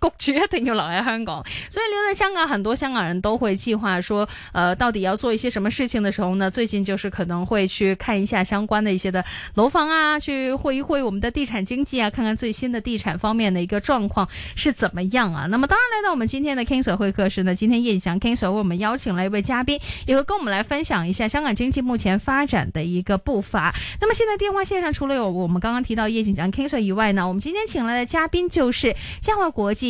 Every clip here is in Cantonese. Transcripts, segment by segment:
故居一定要留在香港，所以留在香港，很多香港人都會計劃說，呃，到底要做一些什麼事情的時候呢，最近就是可能會去看一下相關的一些的樓房啊，去會一會我們的地產經紀啊，看看最新的地產方面的一個狀況是怎麼樣啊。那麼當然來到我們今天的 KingSir 會客室呢，今天葉錦翔 KingSir 為我們邀請了一位嘉賓，也會跟我們來分享一下香港經濟目前發展的一個步伐。那麼現在電話線上除了有我們剛剛提到葉錦翔 KingSir 以外呢，我們今天請來的嘉賓就是嘉華國際。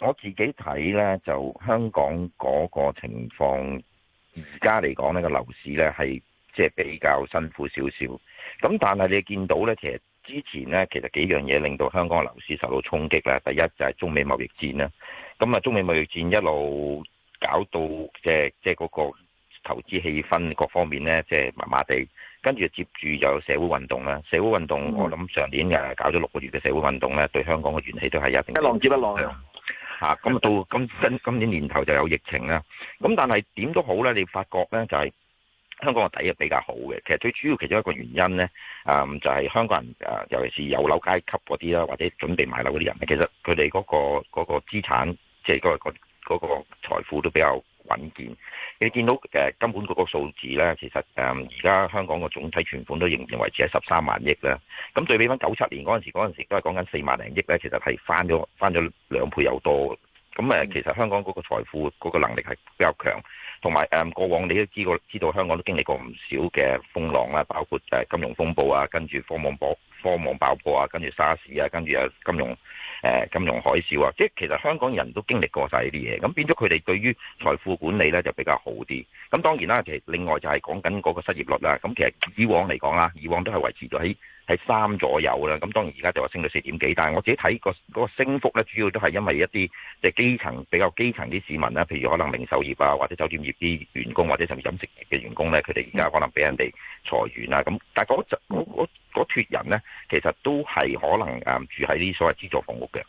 我自己睇呢，就香港嗰個情況而家嚟講呢個樓市呢係即係比較辛苦少少。咁但係你見到呢，其實之前呢，其實幾樣嘢令到香港嘅樓市受到衝擊啦。第一就係中美貿易戰啦。咁啊，中美貿易戰一路搞到即係即係嗰個投資氣氛各方面呢，即係麻麻地。跟住接住又有社會運動啦。社會運動、嗯、我諗上年又係搞咗六個月嘅社會運動呢，對香港嘅元氣都係有一定一浪接一浪。咁到今今年年頭就有疫情啦，咁但係點都好咧，你發覺咧就係香港個底係比較好嘅。其實最主要其中一個原因咧，啊就係香港人啊，尤其是有樓階級嗰啲啦，或者準備買樓嗰啲人，其實佢哋嗰個嗰個資產，即係嗰個財富都比較穩健，你見到誒根本嗰個數字咧，其實誒而家香港個總體存款都仍然維持喺十三萬億啦。咁對比翻九七年嗰陣時，嗰陣時都係講緊四萬零億咧，其實係翻咗翻咗兩倍有多。咁誒，其實香港嗰個財富嗰個能力係比較強，同埋誒過往你都知過知道香港都經歷過唔少嘅風浪啦，包括誒金融風暴啊，跟住科網爆科網爆破啊，跟住沙士啊，跟住啊金融。誒金融海嘯啊，即係其實香港人都經歷過晒呢啲嘢，咁變咗佢哋對於財富管理咧就比較好啲。咁當然啦，其實另外就係講緊嗰個失業率啦。咁其實以往嚟講啦，以往都係維持咗喺，係三左右啦，咁當然而家就話升到四點幾，但係我自己睇個嗰個升幅咧，主要都係因為一啲即係基層比較基層啲市民啦，譬如可能零售業啊或者酒店業啲員工或者甚至飲食業嘅員工咧，佢哋而家可能俾人哋裁員啊，咁、嗯、但係嗰集脫人咧，其實都係可能誒住喺啲所謂資助房屋嘅，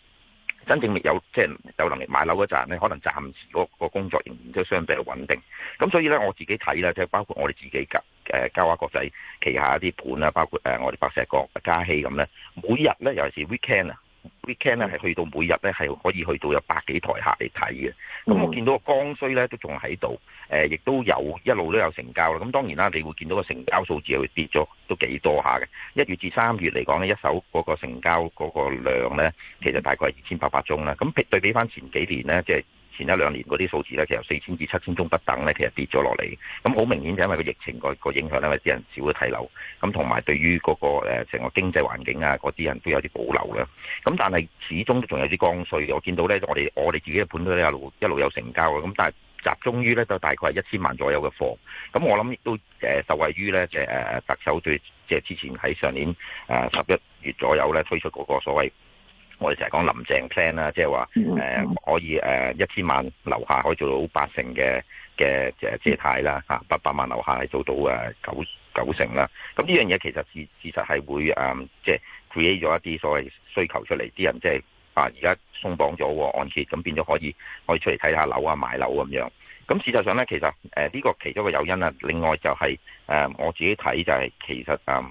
真正有即係有能力買樓嗰陣咧，可能暫時嗰個工作仍然都相對穩定，咁所以咧我自己睇啦，即係包括我哋自己㗎。誒、呃，嘉華國際旗下一啲盤啦，包括誒我哋白石角、嘉熙咁咧，每日咧，尤其是 weekend 啊，weekend 咧係去到每日咧係可以去到有百幾台客嚟睇嘅。咁我見到個剛需咧都仲喺度，誒、呃，亦都有一路都有成交啦。咁當然啦，你會見到個成交數字會跌咗，都幾多下嘅。一月至三月嚟講咧，一手嗰個成交嗰個量咧，其實大概係二千八百宗啦。咁對比翻前幾年咧嘅，就係前一兩年嗰啲數字咧，其實四千至七千宗不等咧，其實跌咗落嚟。咁好明顯就因為個疫情個影響咧，啲人少咗睇樓。咁同埋對於嗰個誒成個經濟環境啊，嗰啲人都有啲保留啦。咁但係始終都仲有啲降稅嘅。我見到咧，我哋我哋自己嘅盤咧，一路一路有成交嘅。咁但係集中於咧，就大概一千萬左右嘅貨。咁我諗亦都誒受惠於咧，即係特首對即係之前喺上年誒十一月左右咧推出嗰個所謂。我哋成日講林鄭 plan 啦，即係話誒可以誒一千萬樓下可以做到八成嘅嘅誒借貸啦嚇，八百萬樓下係做到誒九九成啦。咁呢樣嘢其實事實係會誒即係 create 咗一啲所謂需求出嚟，啲人即係啊而家鬆綁咗按揭，咁變咗可以可以出嚟睇下樓啊買樓咁樣。咁事實上咧，其實誒呢個其中嘅誘因啊，另外就係、是、誒我自己睇就係、是、其實誒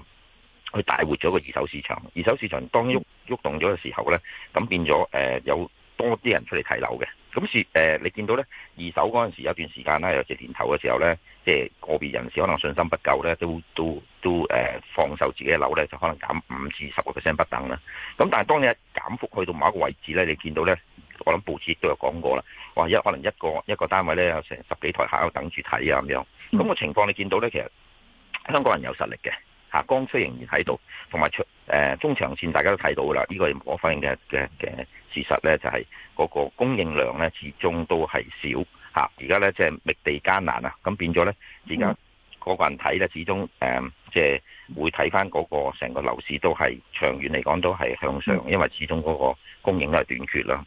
佢大活咗個二手市場，二手市場當中。喐動咗嘅時候呢，咁變咗誒、呃，有多啲人出嚟睇樓嘅。咁是誒，你見到咧，二手嗰陣時有段時間啦，有只年頭嘅時候呢，即、就、係、是、個別人士可能信心不夠呢，都都都誒、呃，放售自己嘅樓呢，就可能減五至十個 percent 不等啦。咁但係當你減幅去到某一個位置呢，你見到呢，我諗報紙都有講過啦，話一可能一個一個單位呢，有成十幾台客喺度等住睇啊咁樣。咁、那個情況你見到呢，其實香港人有實力嘅。啊，供需仍然喺度，同埋長中長線大家都睇到啦，呢、呢個我反映嘅嘅嘅事實咧，就係嗰個供應量咧始終都係少吓，而家咧即係覓地艱難啊，咁變咗咧而家嗰個人睇咧始終誒即係會睇翻嗰個成個樓市都係長遠嚟講都係向上，因為始終嗰個供應都係短缺啦。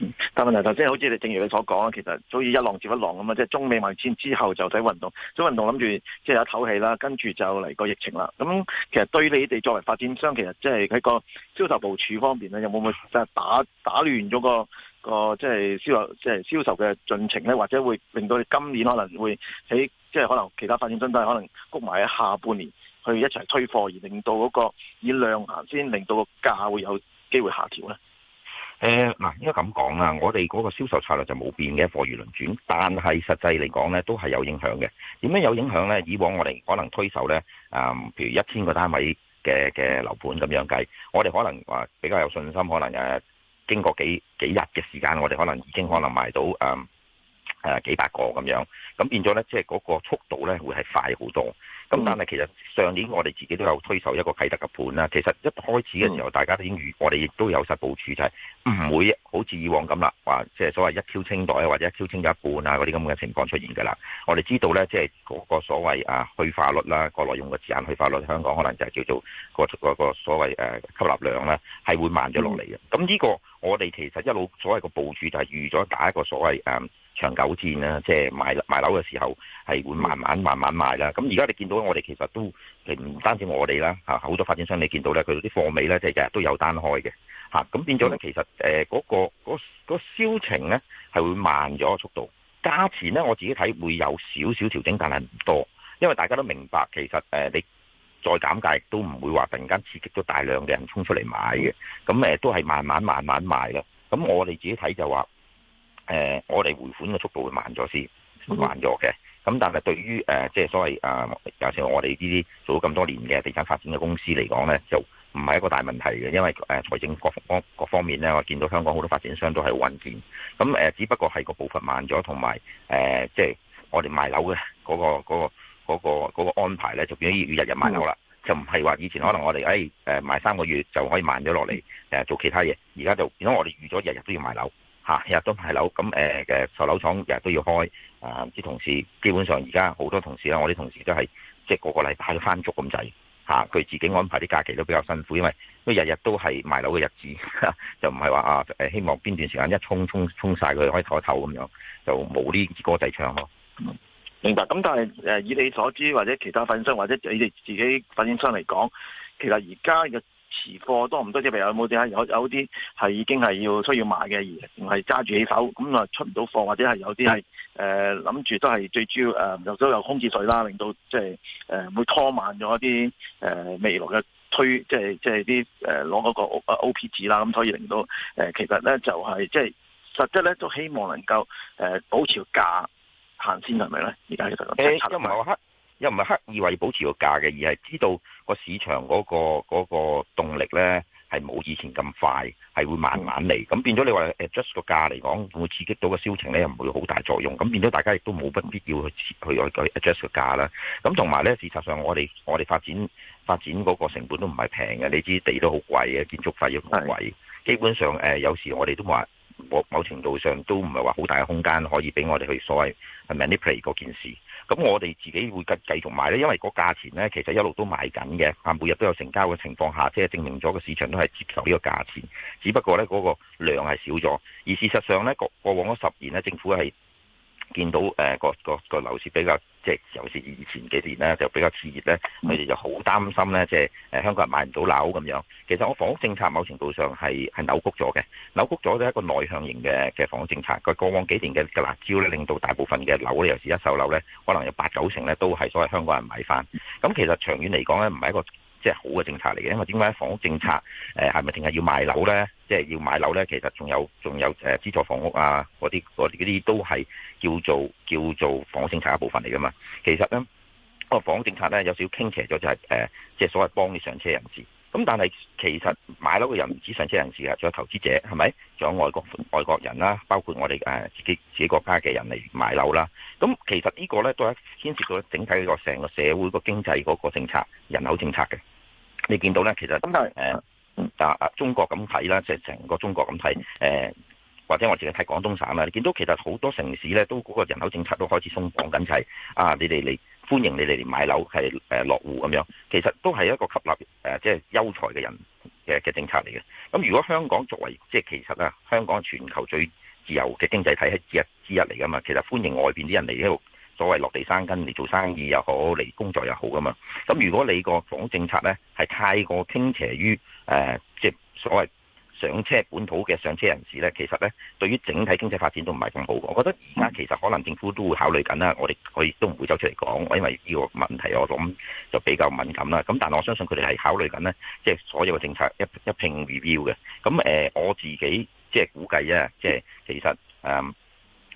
嗯、但問題頭先好似你正如你所講，其實早已一浪接一浪咁，即係中美貿戰之後就睇運動，做運動諗住即係一唞氣啦，跟住就嚟個疫情啦。咁其實對你哋作為發展商，其實即係喺個銷售部署方面，咧，有冇去即係打打亂咗個個即係銷即係銷售嘅進、就是、程咧？或者會令到你今年可能會喺即係可能其他發展商都係可能谷埋喺下半年去一齊推貨，而令到嗰個以量行先，令到個價會有機會下調咧？誒，嗱，應該咁講啦，我哋嗰個銷售策略就冇變嘅，貨如輪轉，但係實際嚟講呢，都係有影響嘅。點樣有影響呢？以往我哋可能推售呢，誒，譬如一千個單位嘅嘅樓盤咁樣計，我哋可能話比較有信心，可能誒，經過幾幾日嘅時間，我哋可能已經可能賣到誒誒幾百個咁樣，咁變咗呢，即係嗰個速度呢會係快好多。咁、嗯、但係其實上年我哋自己都有推售一個啟德嘅盤啦、啊，其實一開始嘅時候大家都已經預、嗯，我哋亦都有實部署就係、是、唔會好似以往咁啦，話即係所謂一 Q 清袋啊，或者一 Q 清一半啊嗰啲咁嘅情況出現㗎啦。我哋知道咧，即係嗰個所謂啊去化率啦，那個內用嘅字眼去化率，香港可能就係叫做嗰個所謂誒、啊、吸納量咧，係會慢咗落嚟嘅。咁、嗯、呢個我哋其實一路所謂個部署就係預咗打一個所謂、啊長久戰啦，即係賣賣樓嘅時候係會慢慢慢慢賣啦。咁而家你見到我哋其實都，唔單止我哋啦，好多發展商你見到咧，佢啲貨尾咧，即係日日都有單開嘅，咁變咗咧，其實嗰、嗰個嗰嗰銷情咧係會慢咗個速度，價錢咧我自己睇會有少少調整，但係唔多，因為大家都明白其實你再減價亦都唔會話突然間刺激到大量嘅人衝出嚟買嘅，咁都係慢慢慢慢賣啦。咁我哋自己睇就話。誒、呃，我哋回款嘅速度會慢咗先，慢咗嘅。咁但係對於即係、呃就是、所謂啊，尤、呃、其我哋呢啲做咗咁多年嘅地產發展嘅公司嚟講呢就唔係一個大問題嘅，因為、呃、財政各方各方面呢，我見到香港好多發展商都係好健康。咁、呃、只不過係個步伐慢咗，同埋即係我哋賣樓嘅嗰、那個嗰、那個嗰、那個那個安排呢，就變咗要日日賣樓啦、嗯。就唔係話以前可能我哋誒誒賣三個月就可以慢咗落嚟做其他嘢，而家就變咗我哋預咗日日都要賣樓。吓，日日都賣樓，咁誒誒售樓廠日日都要開，啊啲同事基本上而家好多同事啦，我啲同事都係即係個個禮拜翻足咁滯，嚇、啊、佢自己安排啲假期都比較辛苦，因為都日日都係賣樓嘅日子，就唔係話啊誒希望邊段時間一衝衝衝曬佢可以唞一唞咁樣，就冇呢枝歌仔唱咯。明、嗯、白，咁、嗯、但係誒以你所知或者其他發展商或者你哋自己發展商嚟講，其實而家嘅。持貨多唔多？即譬有冇啲啊？有有啲係已經係要需要買嘅，而唔係揸住起手，咁啊出唔到貨，或者係有啲係誒諗住都係最主要又有、呃、都有空置稅啦，令到即係誒會拖慢咗一啲誒、呃、未來嘅推，即係即係啲誒攞嗰個 O P 紙啦，咁所以令到誒、呃、其實咧就係、是、即係實質咧都希望能夠誒、呃、保持個價行先係咪咧？而家其實都唔係黑。又唔係刻意為保持個價嘅，而係知道個市場嗰個嗰個動力呢係冇以前咁快，係會慢慢嚟。咁變咗你話 adjust 個價嚟講，會刺激到個銷情呢又唔會有好大作用。咁變咗大家亦都冇乜必要去去去 adjust 個價啦。咁同埋呢，事實上我哋我哋發展發展嗰個成本都唔係平嘅，你知地都好貴嘅，建築費要貴。基本上誒，有時我哋都話，某某程度上都唔係話好大嘅空間可以俾我哋去所謂 manipulate 嗰件事。咁我哋自己會繼繼續買咧，因為個價錢咧其實一路都賣緊嘅，啊每日都有成交嘅情況下，即係證明咗個市場都係接受呢個價錢，只不過咧嗰、那個量係少咗。而事實上咧過過往十年咧，政府係見到誒、呃、個個個樓市比較。即係尤其是以前幾年咧，就比較熾熱咧，佢哋就好擔心咧，即係誒香港人買唔到樓咁樣。其實我房屋政策某程度上係係扭曲咗嘅，扭曲咗都係一個內向型嘅嘅房屋政策。佢過往幾年嘅嘅辣招咧，令到大部分嘅樓咧，尤其一手樓咧，可能有八九成咧都係所謂香港人唔買翻。咁其實長遠嚟講咧，唔係一個。即係好嘅政策嚟嘅，因為點解房屋政策誒係咪淨係要買樓咧？即係要買樓咧，其實仲有仲有誒資助房屋啊，嗰啲啲都係叫做叫做房屋政策一部分嚟噶嘛。其實咧個房屋政策咧有少傾斜咗，就係誒即係所謂幫你上車人士，咁但係其實買樓嘅人唔止上車人士啊，仲有投資者，係咪？仲有外國外國人啦，包括我哋自己自己國家嘅人嚟買樓啦。咁其實個呢個咧都係牽涉到整體個成個社會個經濟嗰個政策，人口政策嘅。你見到咧，其實誒，啊、呃、啊，中國咁睇啦，即係成個中國咁睇、呃、或者我自己睇廣東省啦，你見到其實好多城市咧都嗰個人口政策都開始鬆綁緊齊啊！你哋你。歡迎你哋嚟買樓，係誒、呃、落戶咁樣，其實都係一個吸納誒即係優才嘅人嘅嘅政策嚟嘅。咁如果香港作為即係、就是、其實啊，香港全球最自由嘅經濟體系之一嚟噶嘛。其實歡迎外邊啲人嚟呢度所謂落地生根嚟做生意又好，嚟工作又好噶嘛。咁如果你個港政策呢，係太過傾斜於誒即係所謂。上車本土嘅上車人士呢，其實呢對於整體經濟發展都唔係咁好。我覺得而家其實可能政府都會考慮緊啦。我哋我亦都唔會走出嚟講，因為呢個問題我諗就比較敏感啦。咁但我相信佢哋係考慮緊呢，即係所有嘅政策一一併 review 嘅。咁、呃、我自己即係估計啊，即係其實、嗯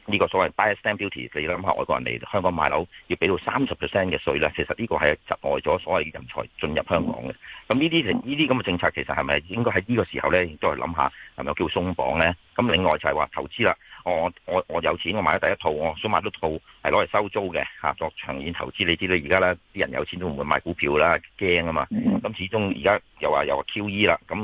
呢個所謂 Buyer Stamp Duty，你諗下外國人嚟香港買樓要俾到三十 percent 嘅稅咧，其實呢個係窒礙咗所謂人才進入香港嘅。咁呢啲呢啲咁嘅政策，其實係咪應該喺呢個時候咧再諗下，係咪叫鬆綁咧？咁另外就係話投資啦，我我我有錢，我買咗第一套，我想買多套係攞嚟收租嘅，合、啊、作長遠投資。你知啦，而家咧啲人有錢都唔會買股票啦，驚啊嘛。咁、mm -hmm. 始終而家又話又話 QE 啦，咁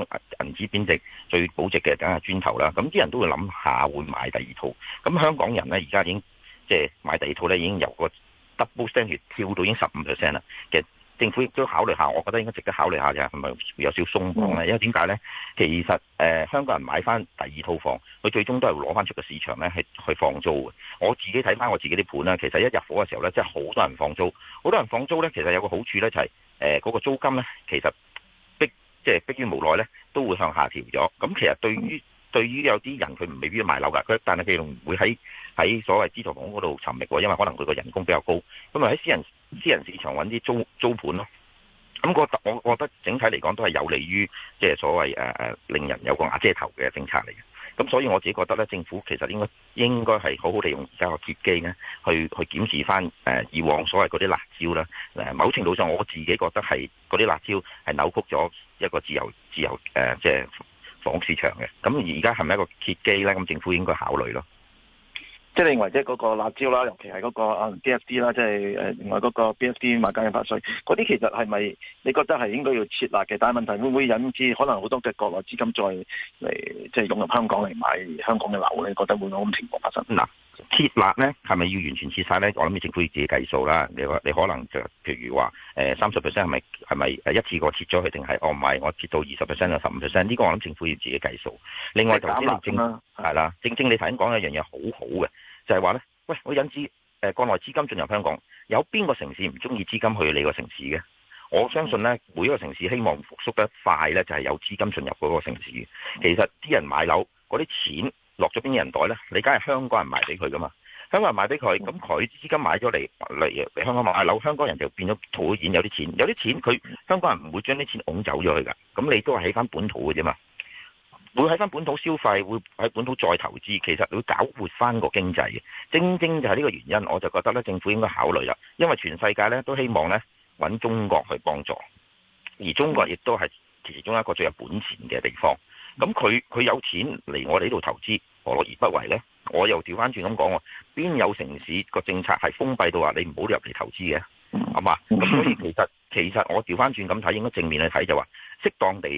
銀紙貶值最保值嘅梗係磚頭啦。咁啲人都會諗下會買第二套。咁香港人咧而家已經即係、就是、買第二套咧，已經由個 double standard 跳到已經十五 percent 啦嘅。政府亦都考慮下，我覺得應該值得考慮下嘅，係咪有少鬆綁咧？因為點解咧？其實誒、呃，香港人買翻第二套房，佢最終都係攞翻出個市場咧，係去，去放租嘅。我自己睇翻我自己啲盤啦，其實一入伙嘅時候咧，真係好多人放租，好多人放租咧。其實有個好處咧，就係誒嗰個租金咧，其實逼即係、就是、逼於無奈咧，都會向下調咗。咁其實對於對於有啲人佢唔未必要賣樓㗎，佢但係佢仲會喺喺所謂資助房嗰度尋覓喎，因為可能佢個人工比較高。咁啊喺私人私人市場揾啲租租盤咯，咁我我覺得整體嚟講都係有利於，即係所謂誒誒，令人有個瓦遮頭嘅政策嚟嘅。咁所以我自己覺得咧，政府其實應該應該係好好利用而家個契機咧，去去檢視翻誒、啊、以往所謂嗰啲辣招啦。誒，某程度上我自己覺得係嗰啲辣招係扭曲咗一個自由自由誒，即係房屋市場嘅。咁而家係咪一個契機咧？咁政府應該考慮咯。即係你認為即係嗰個辣招啦，尤其係嗰個啊 DSD 啦，即係誒另外嗰個 BSD 買家印花稅嗰啲，那些其實係咪你覺得係應該要設立嘅？但係問題會唔會引致可能好多嘅國內資金再嚟即係湧入香港嚟買香港嘅樓咧？你覺得會有咁情況發生嗱？嗯切辣咧，係咪要完全切晒咧？我諗政、呃哦、政府要自己計數啦。你你可能就譬如話，誒三十 percent 係咪係咪一次過切咗佢，定係哦唔係我切到二十 percent 啊十五 percent？呢個我諗政府要自己計數。另外投資，正係啦，正正你頭先講一樣嘢好好嘅，就係話咧，喂，我引資誒、呃、國內資金進入香港，有邊個城市唔中意資金去你個城市嘅？我相信咧，每一個城市希望復甦得快咧，就係有資金進入嗰個城市。其實啲人買樓嗰啲錢落咗邊啲人袋呢？你梗係香港人賣俾佢噶嘛？香港人賣俾佢，咁佢資金買咗嚟，嚟香港買樓，香港人就變咗套現有啲錢，有啲錢佢香港人唔會將啲錢拱走咗去噶，咁你都係喺翻本土嘅啫嘛，會喺翻本土消費，會喺本土再投資，其實你會搞活翻個經濟嘅。正正就係呢個原因，我就覺得呢政府應該考慮啦，因為全世界呢都希望呢揾中國去幫助，而中國亦都係其中一個最有本錢嘅地方。咁佢佢有錢嚟我哋呢度投資。何樂而不為呢，我又調翻轉咁講喎，邊有城市個政策係封閉到話你唔好入嚟投資嘅？係嘛？咁所以其實其實我調翻轉咁睇，應該正面去睇就話，適當地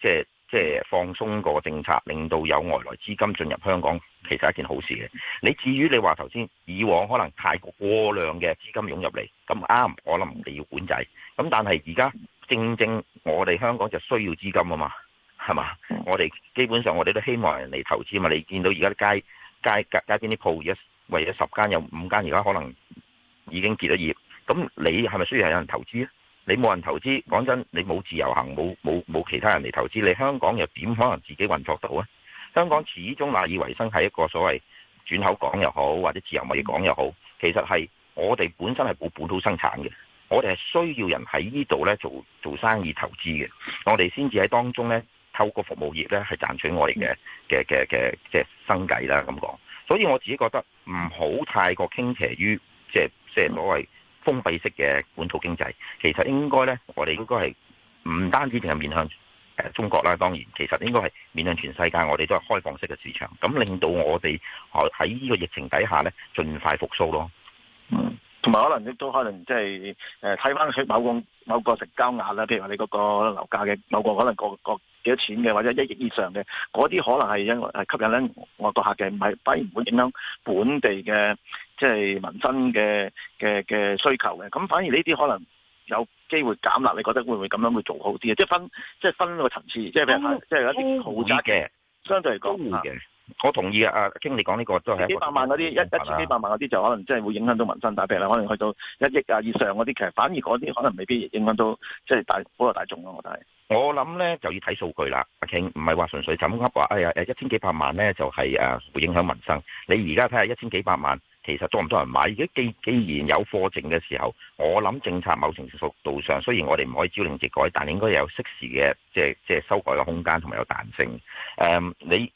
即係即係放鬆個政策，令到有外來資金進入香港，其實係一件好事嘅。你至於你話頭先，以往可能太過量嘅資金湧入嚟，咁啱我諗我哋要管制。咁但係而家正正我哋香港就需要資金啊嘛～係嘛？我哋基本上我哋都希望人嚟投資嘛。你見到而家啲街街街街邊啲鋪，一為咗十間有五間，而家可能已經結咗業。咁你係咪需要有人投資啊？你冇人投資，講真，你冇自由行，冇冇冇其他人嚟投資，你香港又點可能自己運作到喎？香港始終賴以為生係一個所謂轉口港又好，或者自由貿易港又好，其實係我哋本身係冇本土生產嘅，我哋係需要人喺呢度呢做做生意投資嘅，我哋先至喺當中呢。透過服務業咧，係賺取我哋嘅嘅嘅嘅即係生計啦咁講，所以我自己覺得唔好太過傾斜於即係即係所謂封閉式嘅本土經濟。其實應該咧，我哋應該係唔單止淨係面向誒中國啦，當然其實應該係面向全世界，我哋都係開放式嘅市場。咁令到我哋喺喺呢個疫情底下咧，盡快復甦咯。嗯，同埋可能亦都可能即係誒睇翻某個某個成交額啦，譬如話你嗰個樓價嘅某個可能個個。幾多錢嘅或者一億以上嘅，嗰啲可能係因誒吸引咧外國客嘅，唔係反而唔會影響本地嘅即係民生嘅嘅嘅需求嘅。咁反而呢啲可能有機會減壓，你覺得會唔會咁樣會做好啲啊？即係分即係分個層次，即係譬如即係一啲豪宅嘅，聽聽聽聽聽聽聽相對嚟講啊。聽聽聽嗯我同意啊，阿 King 你講呢個都係幾百萬嗰啲一一千幾百萬嗰啲就可能真係會影響到民生大病啦，但可能去到一億啊以上嗰啲，其實反而嗰啲可能未必影響到即係、就是、大嗰個大眾咯、啊，我我諗咧就要睇數據啦，阿 King 唔係話純粹咁噏話，哎呀一千幾百萬咧就係、是、誒、啊、會影響民生。你而家睇下一千幾百萬其實多唔多人買？既既然有貨證嘅時候，我諗政策某程度上雖然我哋唔可以朝令夕改，但應應該有適時嘅即係即係修改嘅空間同埋有彈性、嗯、你。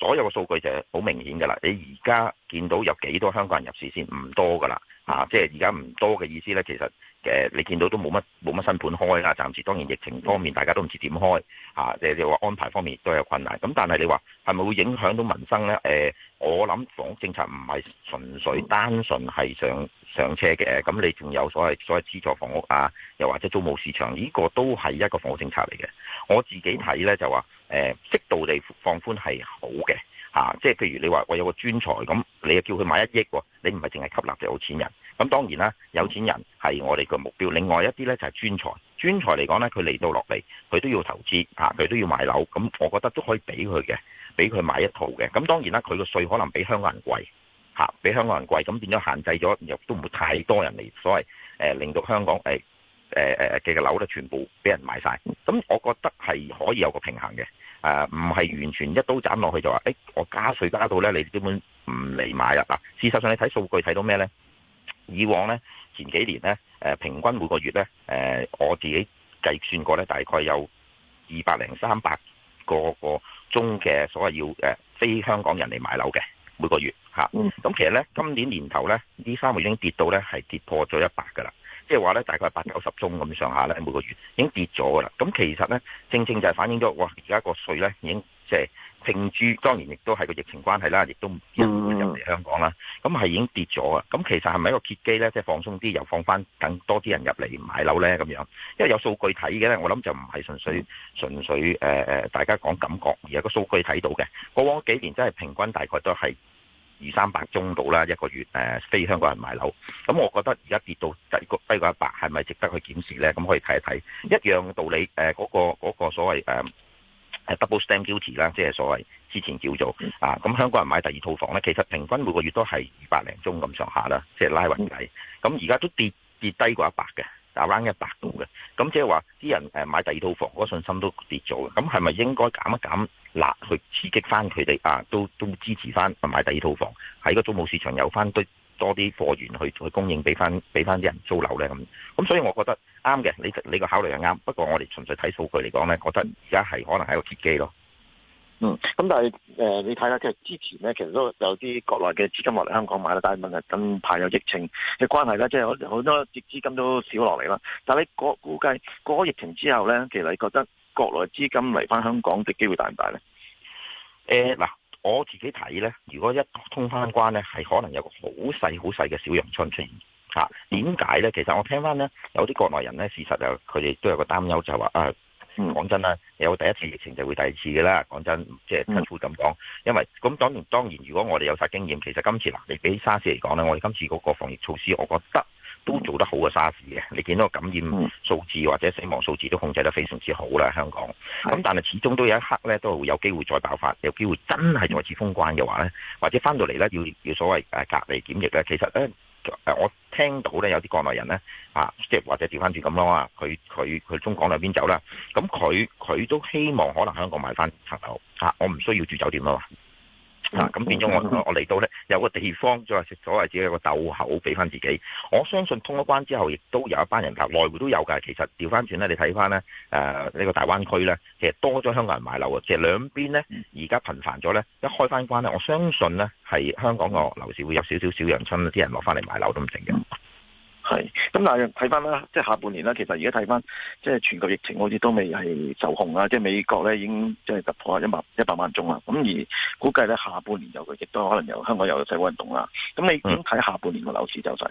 所有嘅數據就係好明顯㗎啦，你而家見到有幾多香港人入市先唔多㗎啦，啊，即係而家唔多嘅意思呢？其實誒、呃、你見到都冇乜冇乜新盤開啦，暫時當然疫情方面大家都唔知點開，啊，即係你話安排方面都有困難，咁、啊、但係你話係咪會影響到民生呢？誒、呃，我諗房屋政策唔係純粹單純係上上車嘅，咁你仲有所謂所謂資助房屋啊，又或者租務市場呢個都係一個房屋政策嚟嘅，我自己睇呢就話。誒適度地放寬係好嘅嚇，即係譬如你話我有個專才咁，你又叫佢買一億喎，你唔係淨係吸納啲有錢人。咁當然啦，有錢人係我哋個目標。另外一啲呢就係專才，專才嚟講呢，佢嚟到落嚟，佢都要投資嚇，佢都要買樓。咁我覺得都可以俾佢嘅，俾佢買一套嘅。咁當然啦，佢個稅可能比香港人貴嚇，比香港人貴，咁變咗限制咗，又都唔會太多人嚟，所謂令到香港誒誒誒嘅樓咧全部俾人買晒。咁我覺得係可以有個平衡嘅。誒、呃，唔係完全一刀斬落去就話，誒、欸，我加稅加到呢，你根本唔嚟買啦。事實上，你睇數據睇到咩呢？以往呢，前幾年呢，誒、呃，平均每個月呢，誒、呃，我自己計算過呢，大概有二百零三百個個中嘅所謂要誒、呃、非香港人嚟買樓嘅每個月吓。咁、啊嗯、其實呢，今年年頭呢，呢三個月已經跌到呢係跌破咗一百㗎喇。即係話咧，大概係八九十宗咁上下咧，每個月已經跌咗㗎啦。咁其實咧，正正就係反映咗哇，而家個稅咧已經即係停住。當然亦都係個疫情關係啦，亦都唔入嚟香港啦。咁、嗯、係已經跌咗啊。咁其實係咪一個契機咧？即、就、係、是、放鬆啲，又放翻更多啲人入嚟買樓咧？咁樣，因為有數據睇嘅咧，我諗就唔係純粹純粹誒誒、呃，大家講感覺，而係個數據睇到嘅。過往幾年真係平均大概都係。二三百宗到啦，一個月誒，非香港人買樓，咁我覺得而家跌到低，低過低過一百，係咪值得去檢視呢？咁可以睇一睇一樣道理誒，嗰個嗰個所謂誒、uh, double stamp duty 啦，即係所謂之前叫做啊，咁香港人買第二套房呢，其實平均每個月都係二百零宗咁上下啦，即係拉勻計咁而家都跌跌低過一百嘅。打翻一百度嘅，咁即係話啲人誒買第二套房嗰個信心都跌咗嘅，咁係咪應該減一減辣去刺激翻佢哋啊？都都支持翻買第二套房，喺個租務市場有翻多多啲貨源去去供應，俾翻俾翻啲人租樓咧咁。咁所以我覺得啱嘅，你你個考慮係啱，不過我哋純粹睇數據嚟講咧，覺得而家係可能係一個脫機咯。嗯，咁但係誒、呃，你睇下其實之前咧，其實都有啲國內嘅資金落嚟香港買啦，但係問題近排有疫情嘅關係呢，即係好好多資資金都少落嚟啦。但係你估計過咗疫情之後咧，其實你覺得國內資金嚟翻香港嘅機會大唔大咧？誒、呃、嗱，我自己睇咧，如果一通翻關咧，係可能有個好細好細嘅小陽春情。點、啊、吓。點解咧？其實我聽翻咧，有啲國內人咧，事實就佢哋都有個擔憂，就係、是、話啊。講、嗯、真啦，有第一次疫情就會第二次嘅啦。講真，即係近乎咁講，因為咁當然當然，當然如果我哋有晒經驗，其實今次嗱，你畀沙士嚟講咧，我哋今次嗰個防疫措施，我覺得都做得好嘅沙士。嘅、嗯。你見到感染數字或者死亡數字都控制得非常之好啦，香港。咁但係始終都有一刻咧，都會會有機會再爆發，有機會真係再次封關嘅話咧，或者翻到嚟咧要要所謂誒隔離檢疫咧，其實咧，誒，我聽到咧有啲國內人咧，啊，即係或者調翻轉咁咯嘛，佢佢佢中港兩邊走啦，咁佢佢都希望可能香港買翻層樓，啊，我唔需要住酒店咯。嗱、嗯，咁、嗯、變咗我、嗯、我嚟到咧，有個地方再係所謂自己，有個鬥口俾翻自己。我相信通咗關之後，亦都有一班人㗎來回都有㗎。其實調翻轉咧，你睇翻咧，誒、呃、呢、這個大灣區咧，其實多咗香港人買樓啊。其實兩邊咧，而、嗯、家頻繁咗咧，一開翻關咧，我相信咧係香港個樓市會有少少少小陽春，啲人落翻嚟買樓都唔成嘅。嗯係，咁但係睇翻啦，即係下半年啦，其實而家睇翻，即係全球疫情好似都未係受控啦，即係美國咧已經即係突破一百一百萬宗啦，咁而估計咧下半年有佢亦都可能由香港又有社會運動啦，咁你點睇下半年個樓市走勢？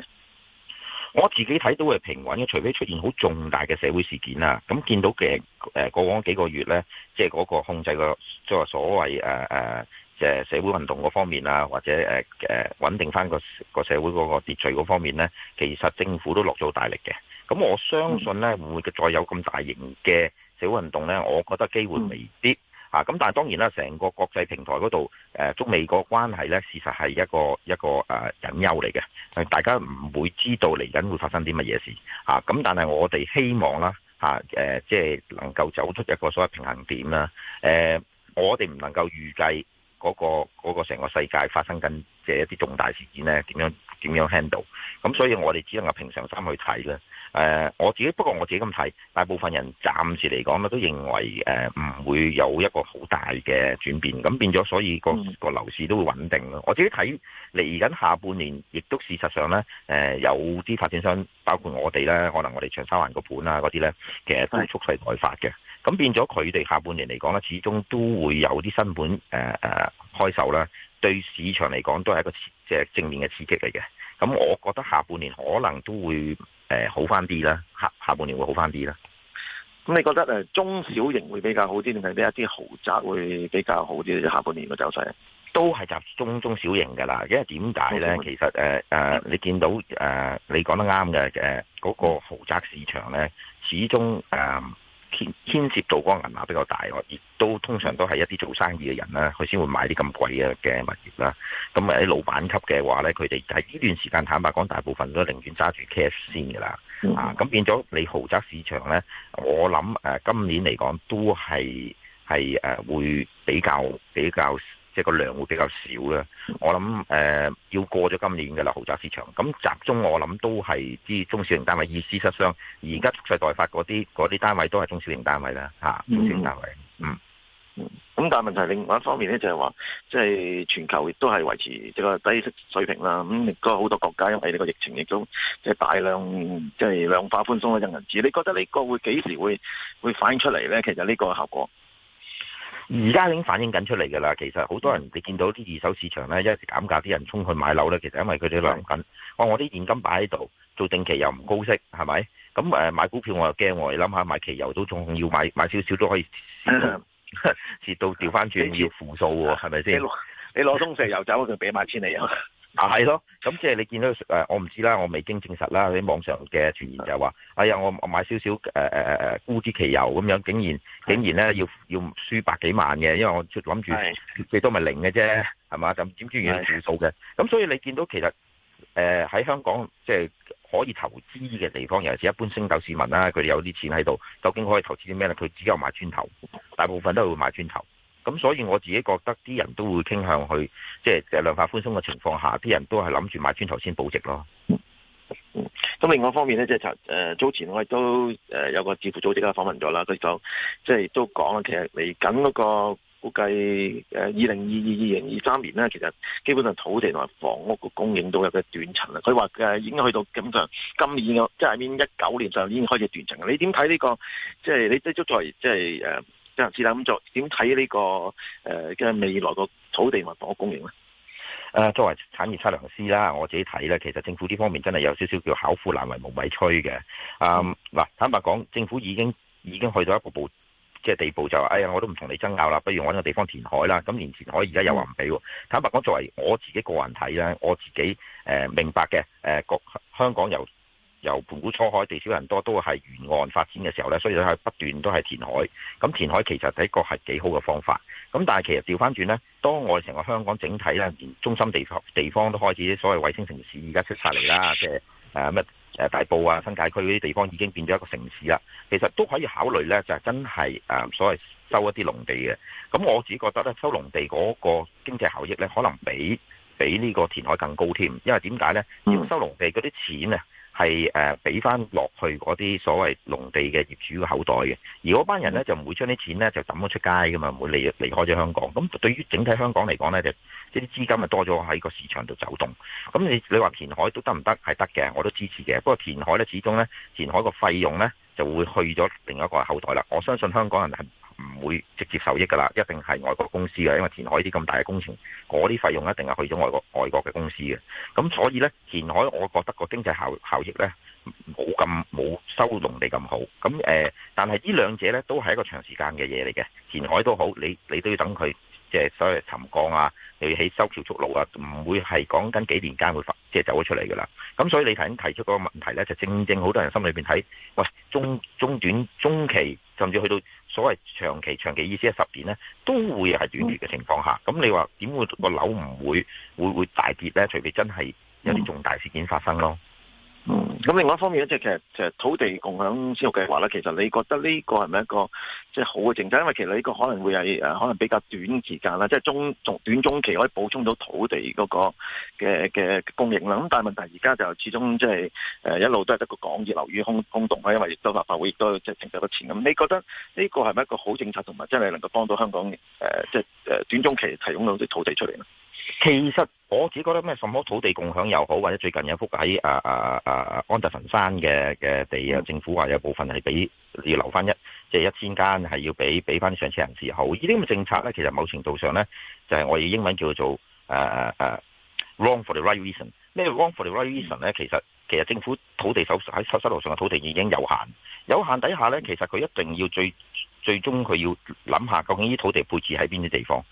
我自己睇都會平穩嘅，除非出現好重大嘅社會事件啊，咁見到嘅誒過往幾個月咧，即係嗰個控制個即所謂誒誒。呃嘅社會運動嗰方面啊，或者誒誒穩定翻個個社會嗰個秩序嗰方面咧，其實政府都落咗大力嘅。咁我相信咧，唔會再有咁大型嘅社會運動咧，我覺得機會微啲嚇。咁、嗯、但係當然啦，成個國際平台嗰度誒中美個關係咧，事實係一個一個誒隱憂嚟嘅。大家唔會知道嚟緊會發生啲乜嘢事嚇。咁但係我哋希望啦嚇誒，即係能夠走出一個所謂平衡點啦。誒，我哋唔能夠預計。嗰個嗰個成個世界發生緊，即係一啲重大事件咧，點樣？點樣 handle？咁所以，我哋只能夠平常心去睇啦。誒、呃，我自己不過我自己咁睇，大部分人暫時嚟講咧，都認為誒唔、呃、會有一個好大嘅轉變。咁變咗，所以、那個個、嗯、樓市都會穩定咯。我自己睇嚟緊下半年，亦都事實上咧，誒、呃、有啲發展商，包括我哋咧，可能我哋長沙灣個盤啊，嗰啲咧，其實都蓄勢待發嘅。咁變咗，佢哋下半年嚟講咧，始終都會有啲新盤誒誒開售啦。對市場嚟講都係一個即係正面嘅刺激嚟嘅，咁我覺得下半年可能都會誒好翻啲啦，下下半年會好翻啲啦。咁你覺得誒中小型會比較好啲定係一啲豪宅會比較好啲？下半年嘅走勢都係集中中小型㗎喇，因為點解咧？其實誒誒、呃，你見到誒、呃、你講得啱嘅，誒、呃、嗰、那個豪宅市場咧始終誒。呃牽，牽涉到嗰個銀碼比較大喎，亦都通常都係一啲做生意嘅人啦，佢先會買啲咁貴嘅嘅物業啦。咁啊啲老闆級嘅話咧，佢哋喺呢段時間坦白講，大部分都寧願揸住 cash 先噶啦、嗯。啊，咁變咗你豪宅市場咧，我諗誒、呃、今年嚟講都係係誒會比較比較一個量會比較少啦，我諗誒、呃、要過咗今年嘅啦豪宅市場，咁集中我諗都係啲中小型單位，意思失商而家蓄勢待發嗰啲嗰啲單位都係中小型單位啦，吓、啊、中小型單位，嗯，咁、嗯嗯、但係問題另外一方面咧就係、是、話，即、就、係、是、全球亦都係維持一個低息水平啦，咁亦都好多國家因為呢個疫情亦都即係大量即係、就是、量化寬鬆嘅印銀紙，你覺得呢個會幾時會會反映出嚟咧？其實呢個效果？而家已經反映緊出嚟噶啦，其實好多人你見到啲二手市場咧，一時減價啲人衝去買樓咧，其實因為佢哋諗緊，哇、哦！我啲現金擺喺度，做定期又唔高息，係咪？咁誒、呃，買股票我又驚，我哋諗下買期油都仲要買買少少都可以，蝕 到掉翻轉要負數喎，係咪先？你攞通石油走，仲比買千利油？啊，係 咯，咁即係你見到誒，我唔知啦，我未經證實啦，喺網上嘅傳言就係話，哎呀，我我買少少誒誒誒誒沽啲期油咁樣，竟然竟然咧要要輸百幾萬嘅，因為我出諗住最多咪零嘅啫，係嘛，咁點知原嚟負數嘅，咁所以你見到其實誒喺、呃、香港即係可以投資嘅地方，尤其是一般升斗市民啦，佢哋有啲錢喺度，究竟可以投資啲咩咧？佢只有買磚頭，大部分都係會買磚頭。咁所以我自己覺得啲人都會傾向去，即係誒量化寬鬆嘅情況下，啲人都係諗住買磚頭先保值咯。咁、嗯、另外一方面咧，即係查早前我亦都誒、呃、有個智庫組織嘅訪問咗啦，佢就即係都講啦，其實嚟緊嗰個估計誒二零二二、二零二三年咧，其實基本上土地同埋房屋嘅供應都有個斷層啦，佢話誒已經去到咁上今年即係喺邊一九年上已經開始斷層啦。你點睇呢個？即係你即係作為即係誒？呃咁試下咁做，點睇呢個誒嘅未來個土地或房屋供應咧？誒、啊，作為產業測量師啦，我自己睇咧，其實政府呢方面真係有少少叫巧婦難為無米炊嘅。啊，嗱，坦白講，政府已經已經去到一個步嘅地步就，就係哎呀，我都唔同你爭拗啦，不如我呢個地方填海啦。咁連填海而家又話唔俾。坦白講，作為我自己個人睇咧，我自己誒、呃、明白嘅誒，港、呃、香港有。由盤古初開地少人多，都係沿岸發展嘅時候呢。所以係不斷都係填海。咁填海其實係一個係幾好嘅方法。咁但係其實調翻轉呢，當我哋成個香港整體呢，連中心地方地方都開始所謂衛星城市而家出晒嚟啦，即係誒咩大埔啊、新界區嗰啲地方已經變咗一個城市啦。其實都可以考慮呢，就係真係誒所謂收一啲農地嘅。咁我自己覺得呢，收農地嗰個經濟效益呢，可能比比呢個填海更高添。因為點解呢？要收農地嗰啲錢啊，係誒俾翻落去嗰啲所謂農地嘅業主嘅口袋嘅，而嗰班人呢就唔會將啲錢呢就抌咗出街㗎嘛，唔會離開咗香港。咁對於整體香港嚟講呢，就即啲資金啊多咗喺個市場度走動。咁你你話填海都得唔得？係得嘅，我都支持嘅。不過填海呢，始終呢，填海個費用呢就會去咗另一個口袋啦。我相信香港人係，唔會直接受益噶啦，一定係外國公司嘅，因為填海啲咁大嘅工程，嗰啲費用一定係去咗外國外國嘅公司嘅。咁所以呢，填海我覺得個經濟效效益呢冇咁冇收容地咁好。咁、呃、但係呢兩者呢都係一個長時間嘅嘢嚟嘅。填海都好，你你都要等佢即係所謂沉降啊，又要起修橋築路啊，唔會係講緊幾年間會即係、就是、走咗出嚟噶啦。咁所以你頭先提出嗰個問題呢就正正好多人心裏邊睇，喂，中中短中期。甚至去到所謂長期長期意思係十年呢，都會係短缺嘅情況下，咁你話點會個樓唔會會會大跌呢？除非真係有啲重大事件發生咯。咁、嗯、另外一方面咧，即係其實其實土地共享先導計劃咧，其實你覺得呢個係咪一個即係好嘅政策？因為其實呢個可能會係誒，可能比較短時間啦，即係中短中期可以補充到土地嗰、那個嘅嘅供應啦。咁但係問題而家就始終即係誒，一路都係得個講而流於空空洞，因為立法會亦都即係籌集到錢咁。你覺得呢個係咪一個好政策，同埋即係能夠幫到香港誒、呃，即係誒短中期提供到啲土地出嚟咧？其實我自己覺得咩什麼土地共享又好，或者最近有幅喺啊啊啊安達臣山嘅嘅地啊、嗯，政府話有部分係俾要留翻一，即、就、係、是、一千間係要俾俾翻啲上車人士好。好呢啲咁嘅政策咧，其實某程度上咧就係、是、我哋英文叫做、啊、wrong for the right reason。咩 wrong for the right reason 咧，嗯？其實其實政府土地手喺手失路上嘅土地已經有限，有限底下咧，其實佢一定要最最終佢要諗下究竟啲土地配置喺邊啲地方。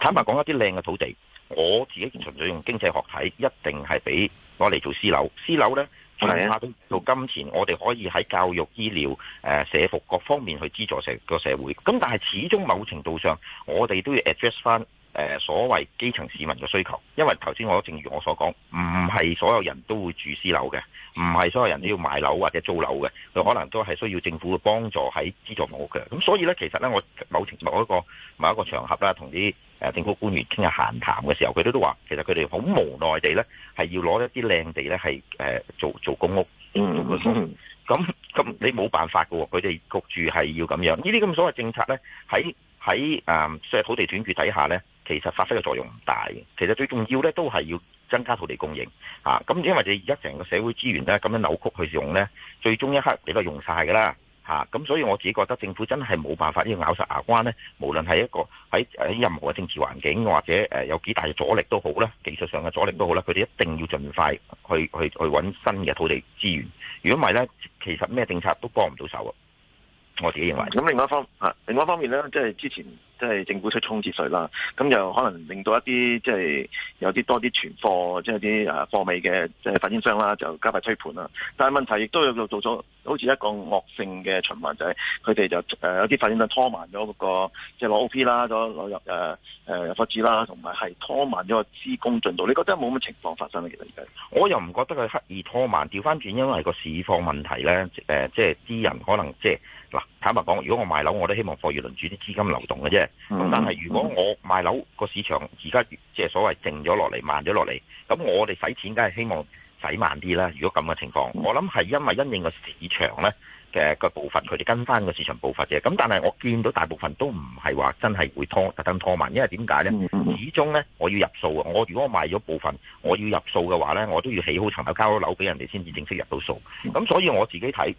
坦白講一啲靚嘅土地。我自己純粹用經濟學睇，一定係畀攞嚟做私樓，私樓呢，轉、mm -hmm. 下到金錢，我哋可以喺教育、醫療、誒社福各方面去資助成個社會。咁但係始終某程度上，我哋都要 address 翻。誒所謂基層市民嘅需求，因為頭先我正如我所講，唔係所有人都會住私樓嘅，唔係所有人都要買樓或者租樓嘅，佢可能都係需要政府嘅幫助喺資助房屋嘅。咁所以咧，其實咧，我某程度某一個某一個場合啦，同啲誒政府官員傾下閒談嘅時候，佢哋都話其實佢哋好無奈地咧係要攞一啲靚地咧係誒做做公屋。嗯，咁咁你冇辦法嘅喎，佢哋焗住係要咁樣。呢啲咁所謂政策咧，喺喺誒土地短缺底下咧。其實發揮嘅作用唔大，其實最重要呢，都係要增加土地供應，嚇、啊、咁因為你而家成個社會資源咧咁樣扭曲去用呢，最終一刻你都用晒㗎啦，嚇、啊、咁所以我自己覺得政府真係冇辦法要咬實牙關呢，無論係一個喺任何嘅政治環境或者誒有幾大嘅阻力都好啦，技術上嘅阻力都好啦，佢哋一定要盡快去去去揾新嘅土地資源，如果唔係呢，其實咩政策都幫唔到手啊。我自己認為咁。另外一方另外一方面咧，即係之前即係政府出沖節稅啦，咁就可能令到一啲即係有啲多啲存貨，即係啲啊貨尾嘅即係發展商啦，就加快推盤啦。但係問題亦都有做咗，好似一個惡性嘅循環，就係佢哋就誒有啲發展商拖慢咗個即係攞 O P 啦，咗、就、攞、是、入誒誒入伙紙啦，同埋係拖慢咗個施工進度。你覺得有冇咁嘅情況發生咧？其實而家我又唔覺得佢刻意拖慢，調翻轉，因為個市況問題咧，即係啲人可能即嗱，坦白講，如果我賣樓，我都希望貨如輪轉，啲資金流動嘅啫。咁、嗯、但係如果我賣樓個市場而家即係所謂靜咗落嚟、慢咗落嚟，咁我哋使錢梗係希望使慢啲啦。如果咁嘅情況，嗯、我諗係因為因應個市場咧嘅個部分，佢哋跟翻個市場步伐啫。咁但係我見到大部分都唔係話真係會拖特登拖慢，因為點解咧？始終咧，我要入數啊！我如果我賣咗部分，我要入數嘅話咧，我都要起好層樓，交咗樓俾人哋先至正式入到數。咁、嗯、所以我自己睇。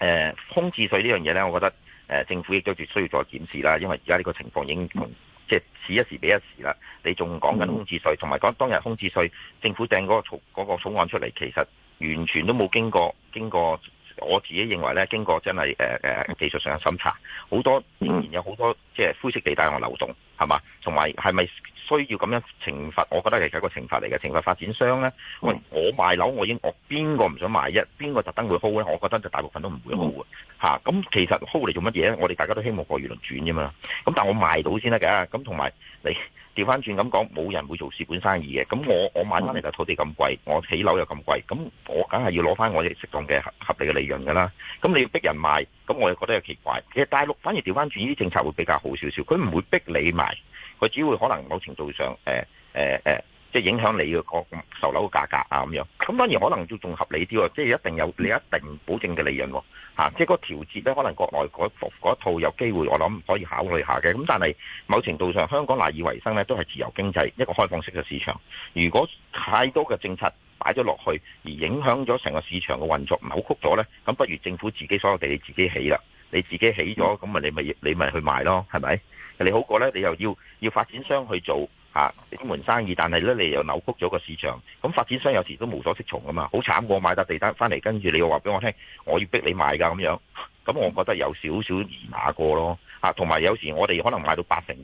誒空置稅呢樣嘢呢，我覺得誒政府亦都需要再檢視啦，因為而家呢個情況已經同即係試一時比一時啦。你仲講緊空置稅，同埋講當日空置稅政府掟嗰個草嗰草案出嚟，其實完全都冇經過經過。我自己認為咧，經過真係誒誒技術上嘅審查，好多仍然有好多即係、就是、灰色地帶嘅漏洞，係嘛？同埋係咪需要咁樣懲罰？我覺得係一個懲罰嚟嘅，懲罰發展商咧。喂，我賣樓我已經，我應我邊個唔想賣？一邊個特登會 hold 咧？我覺得就大部分都唔會 hold 嘅咁、嗯啊、其實 hold 嚟做乜嘢咧？我哋大家都希望個輿論轉啫嘛。咁但係我賣到先得嘅。咁同埋你。調翻轉咁講，冇人會做蝕本生意嘅。咁我我買翻嚟嘅土地咁貴，我起樓又咁貴，咁我梗係要攞翻我哋適當嘅合理嘅利潤噶啦。咁你要逼人賣，咁我又覺得有奇怪。其實大陸反而調翻轉呢啲政策會比較好少少，佢唔會逼你賣，佢只會可能某程度上誒誒誒。欸欸即係影響你嘅個售樓嘅價格啊，咁樣，咁當然可能要仲合理啲喎，即係一定有你一定保證嘅利潤喎嚇。即係個調節咧，可能國內嗰嗰一套有機會，我諗可以考慮下嘅。咁但係某程度上，香港賴以為生咧，都係自由經濟，一個開放式嘅市場。如果太多嘅政策擺咗落去，而影響咗成個市場嘅運作，扭曲咗咧，咁不如政府自己所有地自己起啦。你自己起咗，咁咪你咪你咪去賣咯，係咪？你好過咧，你又要要發展商去做。吓，門生意，但係咧，你又扭曲咗個市場。咁發展商有時都無所適從㗎嘛，好慘！我買笪地單翻嚟，跟住你又話俾我聽，我要逼你買噶咁樣。咁我覺得有少少二馬過咯。吓，同埋有時我哋可能買到八成，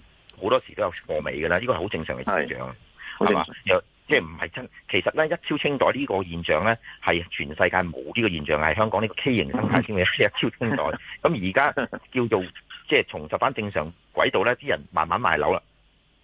好多時都有貨尾噶啦。呢個係好正常嘅現象，係嘛？又即係唔係真？其實咧，一超清袋呢個現象咧，係全世界冇呢個現象，係香港呢個畸形生態先會一超清袋。咁而家叫做即係重拾翻正常軌道咧，啲人慢慢賣樓啦。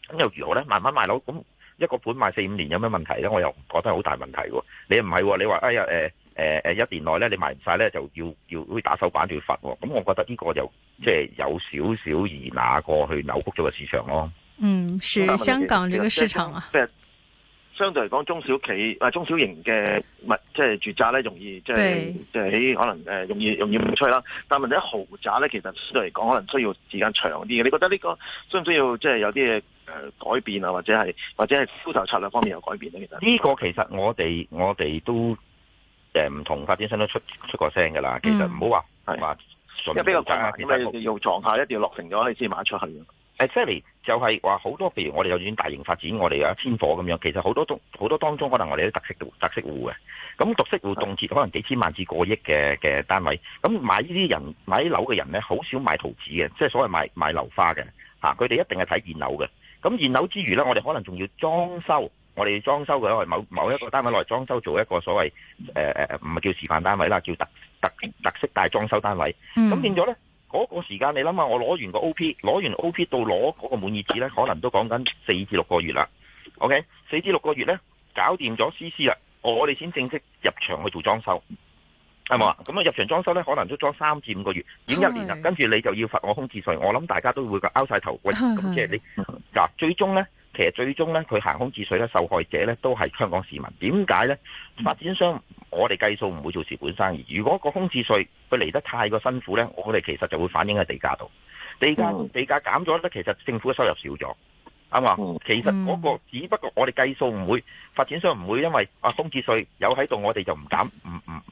咁又如何咧？慢慢賣樓，咁一個盤賣四五年有咩問題咧？我又唔覺得係好大問題喎。你又唔係喎，你話哎呀，誒誒誒，一年內咧，你賣唔晒咧，就要要好打手板要罰喎。咁我覺得呢個又即係有少少而哪個去扭曲咗個市場咯。嗯，是香港呢個市場啊。即係相對嚟講，中小企啊，中小型嘅物即係住宅咧，容易即係即係喺可能誒容易容易賣出啦。但係問題喺豪宅咧，其實相對嚟講可能需要時間長啲嘅。你覺得呢個需唔需要即係有啲嘢？誒，改變啊，或者係或者係銷售策略方面有改變咧、啊。其實呢個其實我哋我哋都誒唔、欸、同發展商都出出過聲㗎啦。嗯、其實唔好話話純。因為比較貴啊，因為要撞下一定要落成咗你先買出去。誒，Sally 就係話好多，譬如我哋有啲大型發展，我哋有一千夥咁樣。其實好多都好多當中，可能我哋啲特色戶特色戶嘅。咁特色戶凍結可能幾千萬至過億嘅嘅單位。咁買，買呢啲人買樓嘅人咧，好少買圖紙嘅，即、就、係、是、所謂買買樓花嘅嚇。佢哋一定係睇現樓嘅。咁現樓之餘呢，我哋可能仲要裝修，我哋裝裝修嘅喺某某一個單位內裝修，做一個所謂誒唔係叫示範單位啦，叫特特特色大裝修單位。咁、嗯、變咗呢，嗰、那個時間你諗下，我攞完個 OP，攞完 OP 到攞嗰個滿意紙呢，可能都講緊四至六個月啦。OK，四至六個月呢，搞掂咗 CC 啦，我哋先正式入場去做裝修。係嘛？咁啊，入場裝修咧，可能都裝三至五個月，已經一年啦。跟住你就要罰我空置稅，我諗大家都會拗晒頭喂。咁即係你嗱，啊，最終咧，其實最終咧，佢行空置稅咧，受害者咧都係香港市民。點解咧？發展商，嗯、我哋計數唔會做蝕本生意。如果個空置稅佢嚟得太過辛苦咧，我哋其實就會反映喺地價度。地價地價減咗咧，其實政府嘅收入少咗。啱嘛，啊？嗯、其實嗰、嗰個只不過我哋計數唔會發展商唔會因為啊空置稅有喺度，我哋就唔減，唔、嗯、唔。嗯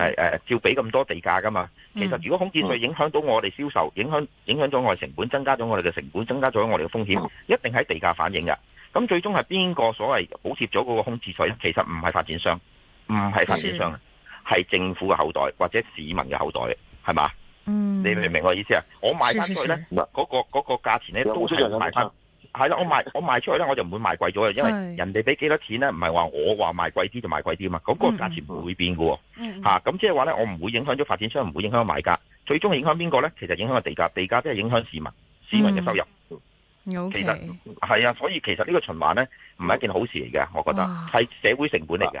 係、啊、誒，照俾咁多地價噶嘛？其實如果空置稅影響到我哋銷售，嗯嗯、影響影響咗我哋成本，增加咗我哋嘅成本，增加咗我哋嘅風險，一定喺地價反映噶。咁最終係邊個所謂補貼咗嗰個空置稅咧？其實唔係發展商，唔、嗯、係發展商，係政府嘅口袋，或者市民嘅口袋，係嘛？嗯，你明唔明我意思啊？我賣翻稅咧，嗰、那個嗰、那個價錢咧，都係要賣翻。係啦，我賣我賣出去咧，我就唔會賣貴咗嘅，因為人哋俾幾多錢咧，唔係話我話賣貴啲就賣貴啲嘛，嗰個價錢唔會變嘅喎。吓、嗯，咁即係話咧，我唔會影響咗發展商，唔會影響買家，最終係影響邊個咧？其實影響個地價，地價即係影響市民，市民嘅收入。嗯 okay、其實係啊，所以其實呢個循環咧，唔係一件好事嚟嘅，我覺得係社會成本嚟嘅。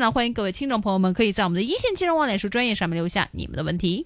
那歡迎各位聽眾朋友們，可以在我們的一線金融網點數專業上面留下你們的問題。